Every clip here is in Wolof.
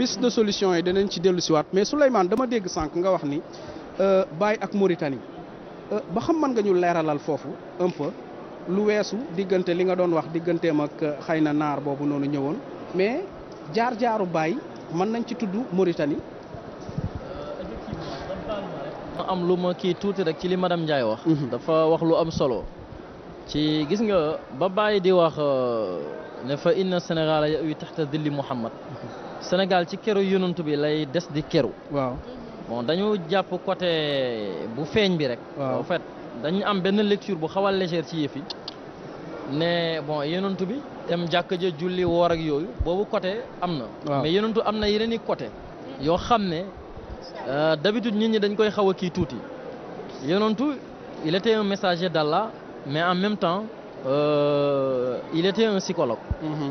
piste de solution yi danañ ci dellu siwaat mais Souleymane dama dégg sànq nga wax ni euh, Baye ak Mauritanie euh, ba xam mën nga ñu leeralal foofu un peu lu weesu diggante li nga doon wax digganteem ak euh, xëy na naar boobu noonu ñëwoon mais jaar-jaaru baay mën nañ ci tudd Mauritanie. am lu ma kii tuuti rek ci li madame Ndiaye wax. Mhm. dafa wax lu am solo. ci gis nga ba Baye di wax ne fa inna Sénégal yi taxta dilli Muhammad mhm. Sénégal ci kéro yonantu bi lay des di kéro waaw bon dañu japp côté bu feñ bi rek. en fait dañu lecture bu légère ci bon bi dem julli ak côté mais côté euh, nit ñi il était un messager d'Allah mais en même temps euh, il était un psychologue. Mm-hmm.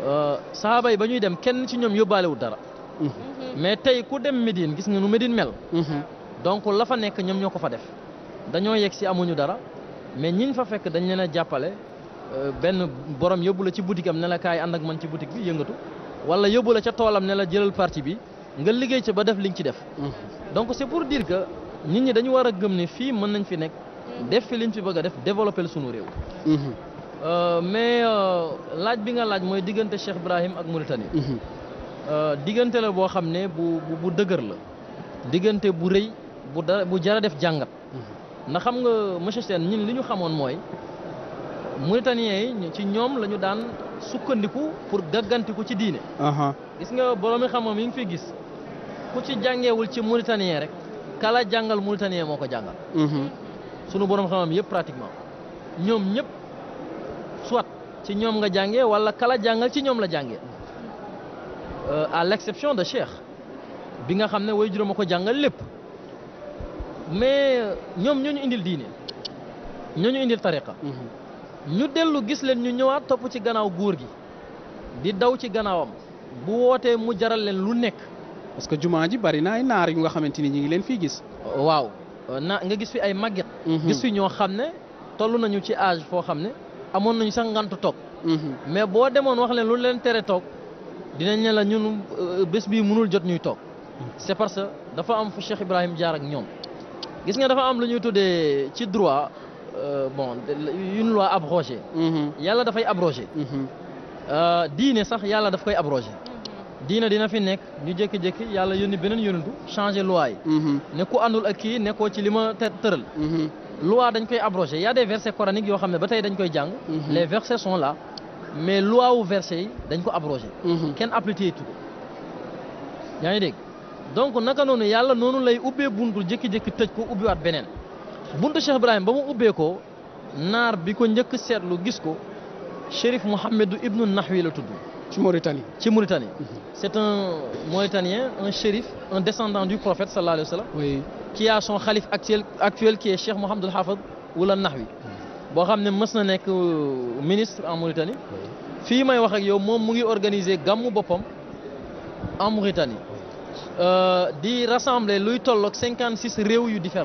Euh, saxaaba yi ba ñuy dem kenn ci ñoom yóbbaalewul dara mm-hmm. mais tey ku dem Médine gis nga nu Médine mel mm-hmm. donc la fa nekk ñoom ñoo ko fa def dañoo yegg ci amuñu dara mais ñiñ fa fekk dañ leen a jàppale euh, benn borom yóbbu la ci boutique am ne la kaay ànd ak man ci boutique bi yëngatu wala yóbbu la ca toolam ne la jëlal partie bi nga liggéey ci ba def li nga ci def mm-hmm. donc c'est pour dire que nit ñi dañu war a gëm ne fii mën nañ fi nekk def fi liñ fi bëgg a def développer sunu réew Euh, mais euh, laaj bi nga laaj mooy diggante Cheikh Ibrahim ak Mauritanie. Mhm. Euh, diggante la boo xam ne bu bu dëgër la diggante bu rëy bu dara bu jara def jàngat. Mhm. ndax xam nga monsieur Sène ñun li ñu xamoon mooy Mauritaniens yi ci ñoom la ñu daan sukkandiku pour gàggantiku ci diine. gis nga borom yi xamoon mi ngi fi gis ku ci jàngeewul ci Mauritanien rek kala jàngal Mauritanien moo ko jàngal. Mhm. sunu borom xamam yëpp pratiquement ñoom ñëpp. ci ñoom nga jànge wala kala jàngal ci ñoom la jàngee euh, à l'exception de Cheikh bi nga xam ne way juróom a ko jàngal lépp mais euh, ñoom ñooñu indil diine ñoo ñu indil tariqa mm-hmm. ñu dellu gis leen ñu ñëwaat topp ci gannaaw góor gi di daw ci gannaawam bu wootee mu jaral leen lu nekk. parce que jumaa ji bari na ay naar yu nga xamante ni ñu ngi leen fii gis. waaw na nga gis fi ay màgget. Mm-hmm. gis fi ñoo xam ne toll nañu ci âge foo xam ne. amoon nañu sax ngantu toog. Mhm. mais boo demoon wax leen lu leen tere toog dinañ ne la ñun euh, bés bii munul jot ñuy toog. c'est parce que dafa am fu Cheikh Ibrahim jaar ak ñoom gis nga dafa am lu ñuy tuddee ci droit euh, bon une loi abrogée. Mhm. yàlla dafay abrogé. Mhm. Euh, diine sax yàlla daf koy abrogé. diina dina fi nekk ñu jékki-jékki yàlla yónni beneen yónantu changé loi yi. ne ku àndul ak kii nekkoo ci li ma tëral. loi dañ koy abrogé il y a des versets coraniques yo xamné batay dañ koy jang mhm. les versets sont là mais loi ou verset, dañ ko abrogé. Mhm. ken appliquer tout ko ngi dégg donc naka noonu yalla noonu lay ubbee buntu jékki-jékki tëj ko wat benen buntu Cheikh Ibrahim bamu mu ko nar bi ko njëkk seetlu gis ko cheikh mohammed Ibnu Nahwi la tuddu Ci Mauritanie. Ci Mauritanie. Mm -hmm. C'est un Mauritanien, un shérif, un descendant du prophète sallallahu alayhi wa sallam. Oui. Qui a son khalife actuel, actuel qui est Cheikh Mohamed al Hafid wala Nahwi. boo xam ne mës na nekk euh, ministre en Mauritanie. fii may wax ak yow moom mu ngi organiser gàmmu boppam en Mauritanie. Euh, di rassembler luy tolloog cinquante six réew yu mhm.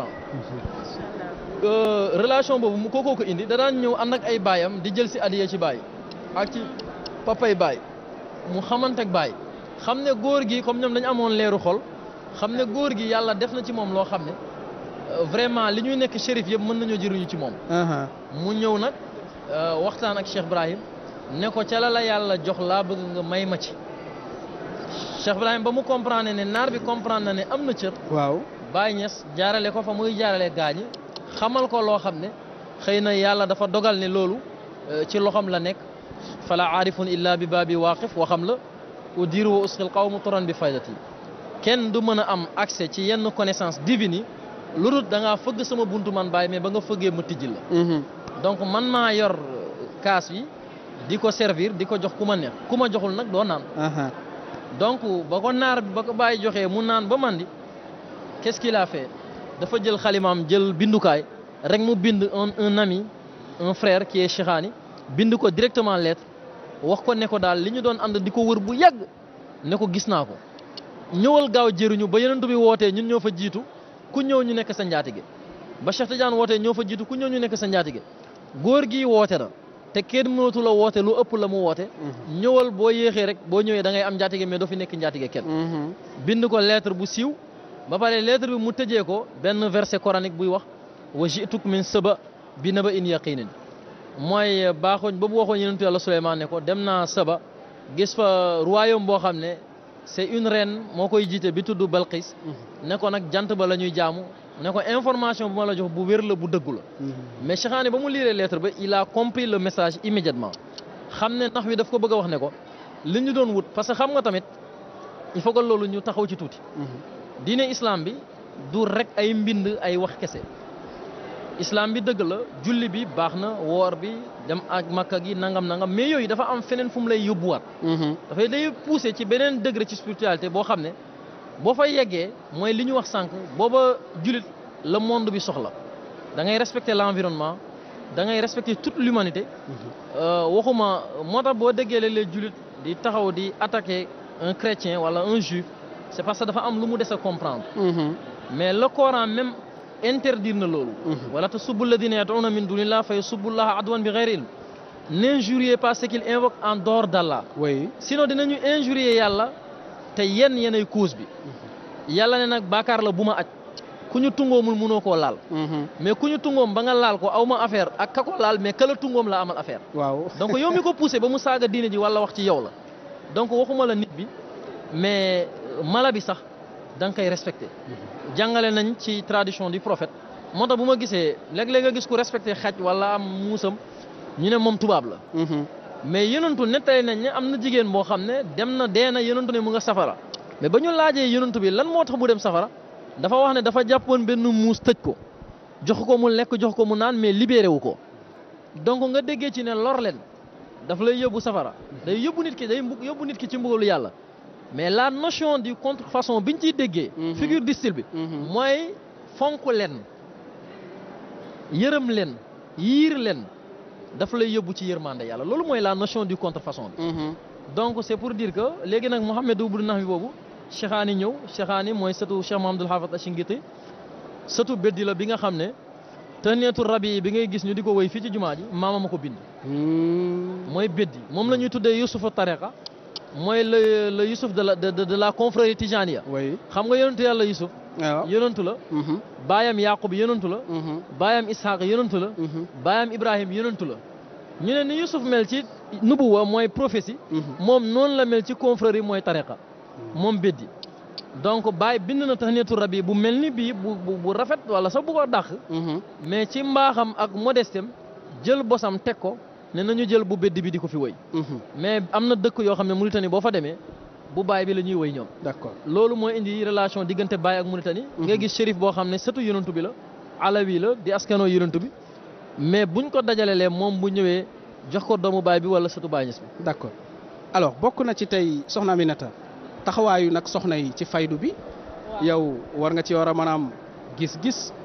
euh, relation bobu mu kookoo ko indi da daan ñew and ak ay bayam di jël ci adiya ci bay ak ci papay bay mu xamante ak baay xam ne góor gi comme ñoom dañu amoon leeru xol xam ne góor gi yàlla def na ci moom loo xam ne euh, vraiment li ñuy nekk shérif yëpp mën nañoo jëriñu ci moom. Uh-huh. mu ñëw nag euh, waxtaan ak Cheikh Ibrahim ne ko ca yàlla jox laa bëgg nga may ma ci. Cheikh Ibrahim ba mu comprendre ne naar bi comprendre ne am na cër. waaw Baye Niass jaarale ko fa muy jaarale gaañi xamal ko loo xam ne xëy na yàlla dafa dogal ne loolu euh, ci loxoom la nekk. فلا عارف الا بباب واقف وخمل ودير واسق القوم طرن بفائدتي كين دو مانا ام اكسي تي ين كونيسانس ديفيني لودو داغا فغ سما بونتو مان باي مي باغا فغي ما دونك مان ما يور كاس وي ديكو سيرفير ديكو جوخ كوما نيه كوما جوخول ناك دو نان اها دونك باكو نار باكو باي جوخي مو نان با ماندي كيس كي لا في دا فا جيل خليمام جيل بيندوكاي ريك مو بيند ان ان امي ان فرير كي شيخاني بيندوكو ديريكتومون ليتر wax ko ne ko daal li ñu doon ànd di ko wër bu yàgg ne ko gis naa ko ñëwal gaaw jëriñu ba yonent bi wootee ñun ñëw fa jiitu ku ñëw ñu nekk sa njaatige ba Cheikh Tidiane wootee ñëw fa jiitu ku ñëw ñu nekk sa njaatige góor gi woote na te kenn mënatu woote lu ëpp la mu woote mhm. ñëwal boo yéexee rek boo ñëwee dangay ngay am njaatige mais doo fi nekk njaatige kenn mhm. bind ko lettre bu siiw ba pare lettre bi mu tëjee ko benn verset coranique buy wax wa jituk min sëba bi naba in yaqinin mooy euh, baaxoñ boobu waxoon yonentu yàlla Suleymaan ne ko dem naa Saba gis fa royaume boo xam ne c'est une ren moo koy jiite bi tudd Balqis mhm. ne ko nag jant ba la ñuy jaamu ne ko information bu ma la jox bu wér la bu dëggu la mhm. mais Cheikhaani ba mu liiree lettre ba il a compris le message immédiatement xam ne nax wi daf ko bëgg a wax ne ko li ñu doon wut parce que xam nga tamit il faut loolu ñu taxaw ci tuuti mhm. diine islam bi du rek ay mbind ay wax kese islam bi deug la julli bi baxna wor bi dem ak makka gi nangam nangam mais yoy dafa am feneen fu mu lay yóbbuwaat. Mhm. dafay day pousser ci benen degré ci spiritualité bo xamné bo boo fa yeggee mooy li ñu wax sànq booba julit le monde bi soxla da ngay respecter l'environnement da ngay respecter toute l'humanité mhm. euh, waxuma motax bo boo déggee julit di taxaw di attaquer un chrétien wala un juif c'est parce que dafa am lu mu des a comprendre. Mhm. mais le Coran même. interdire na loolu wala tasubbu alladina yad'una min dunillah fa yasubbu llaha adwan bi ghayri ilm n'injuriez pas ce qu'il invoque en dehors d'Allah oui sinon dinañu injurier yàlla te yenn yenay cause bi yàlla ne nak bakar la buma acc aj ku ñu tungoomul mënoo koo laal mais ku ñu tungoom ba nga laal ko awma affaire ak ka ko laal mais kala tungom la amal affaire waaw donc yow mi ko pousser ba mu saga diine ji wala wax ci yow la donc waxuma la nit bi mais mala bi sax da nga koy jàngale nañ ci tradition du profet moo tax bu ma gisee léeg-léeg nga gis ku respecté xaj walla am muusam ñu ne moom tubaab la mhm. mais yonentu nettali nañ ne am na jigéen boo xam ne dem na dee na yonentu ne mu nga safara mais ba ñu laajee yonentu bi lan moo tax mu dem safara dafa wax ne dafa jàppoon benn muus tëj ko jox ko mu lekk jox ko mu naan mais libéré wu ko donc nga déggee ci ne lor leen daf lay yóbbu safara day yóbbu nit ki day yóbbu nit ki ci mbugalu yàlla mais la notion du contrefaçon bi ñu ciy déggee. Mhm. figure du style bi. Mhm. mooy fonk leen yërëm leen yiir leen dafa lay yóbbu ci yërmande yàlla loolu mooy la notion du contrefaçon bi. Mhm. donc c' est pour dire que léegi nag Mouhamed Ould Nahwi boobu Cheikhani ñëw Cheikhani mooy sëtu Cheikh Mahamadul Hafid Ashingiti sëtu beddi la bi nga xam ne tëneetu rabi bi ngay gis ñu di ko woy fii ci jumaa ji maama ma ko bind. Hmm. mooy beddi moom la ñuy tuddee Yusufa Tariqa mooy le le Youssouf de la de de la confrérie Tijaniya. xam nga yonentu yàlla Youssouf. waaw la. baayam Yaqub yonentu la. Mm-hmm. baayam Ishaq yonentu la. Mm-hmm. Mm-hmm. baayam Ibrahim yonentu la. ñu ne ni Youssouf mel ci nubuwa mooy prophétie. moom noonu la mel ci confrérie mooy tariqa. moom beddi donc baay bind na tahniyatul rabi bu mel ni bii bu bu rafet wala sax bu ko dàq. mais ci mbaaxam ak modestem jël bosam teg ko. ne nañu jël bu bedd bi di ko fi woy mhm. mais am na dëkk yoo xam ne Mauritanie boo fa demee bu baay bi la ñuy woy ñoom d'accord loolu mooy indi relation diggante baay ak Mauritanie mhm. nga gis shérif boo xam ne sëtu yonantu bi la alawi la di askanoo yonantu bi mais buñ ko dajalelee moom bu ñëwee jox ko doomu baay bi wala sëtu baay ñes bi d'accord alors bokk na ci tey soxna Aminata taxawaayu nag soxna yi ci faydu bi yow war nga ci war a mën am gis-gis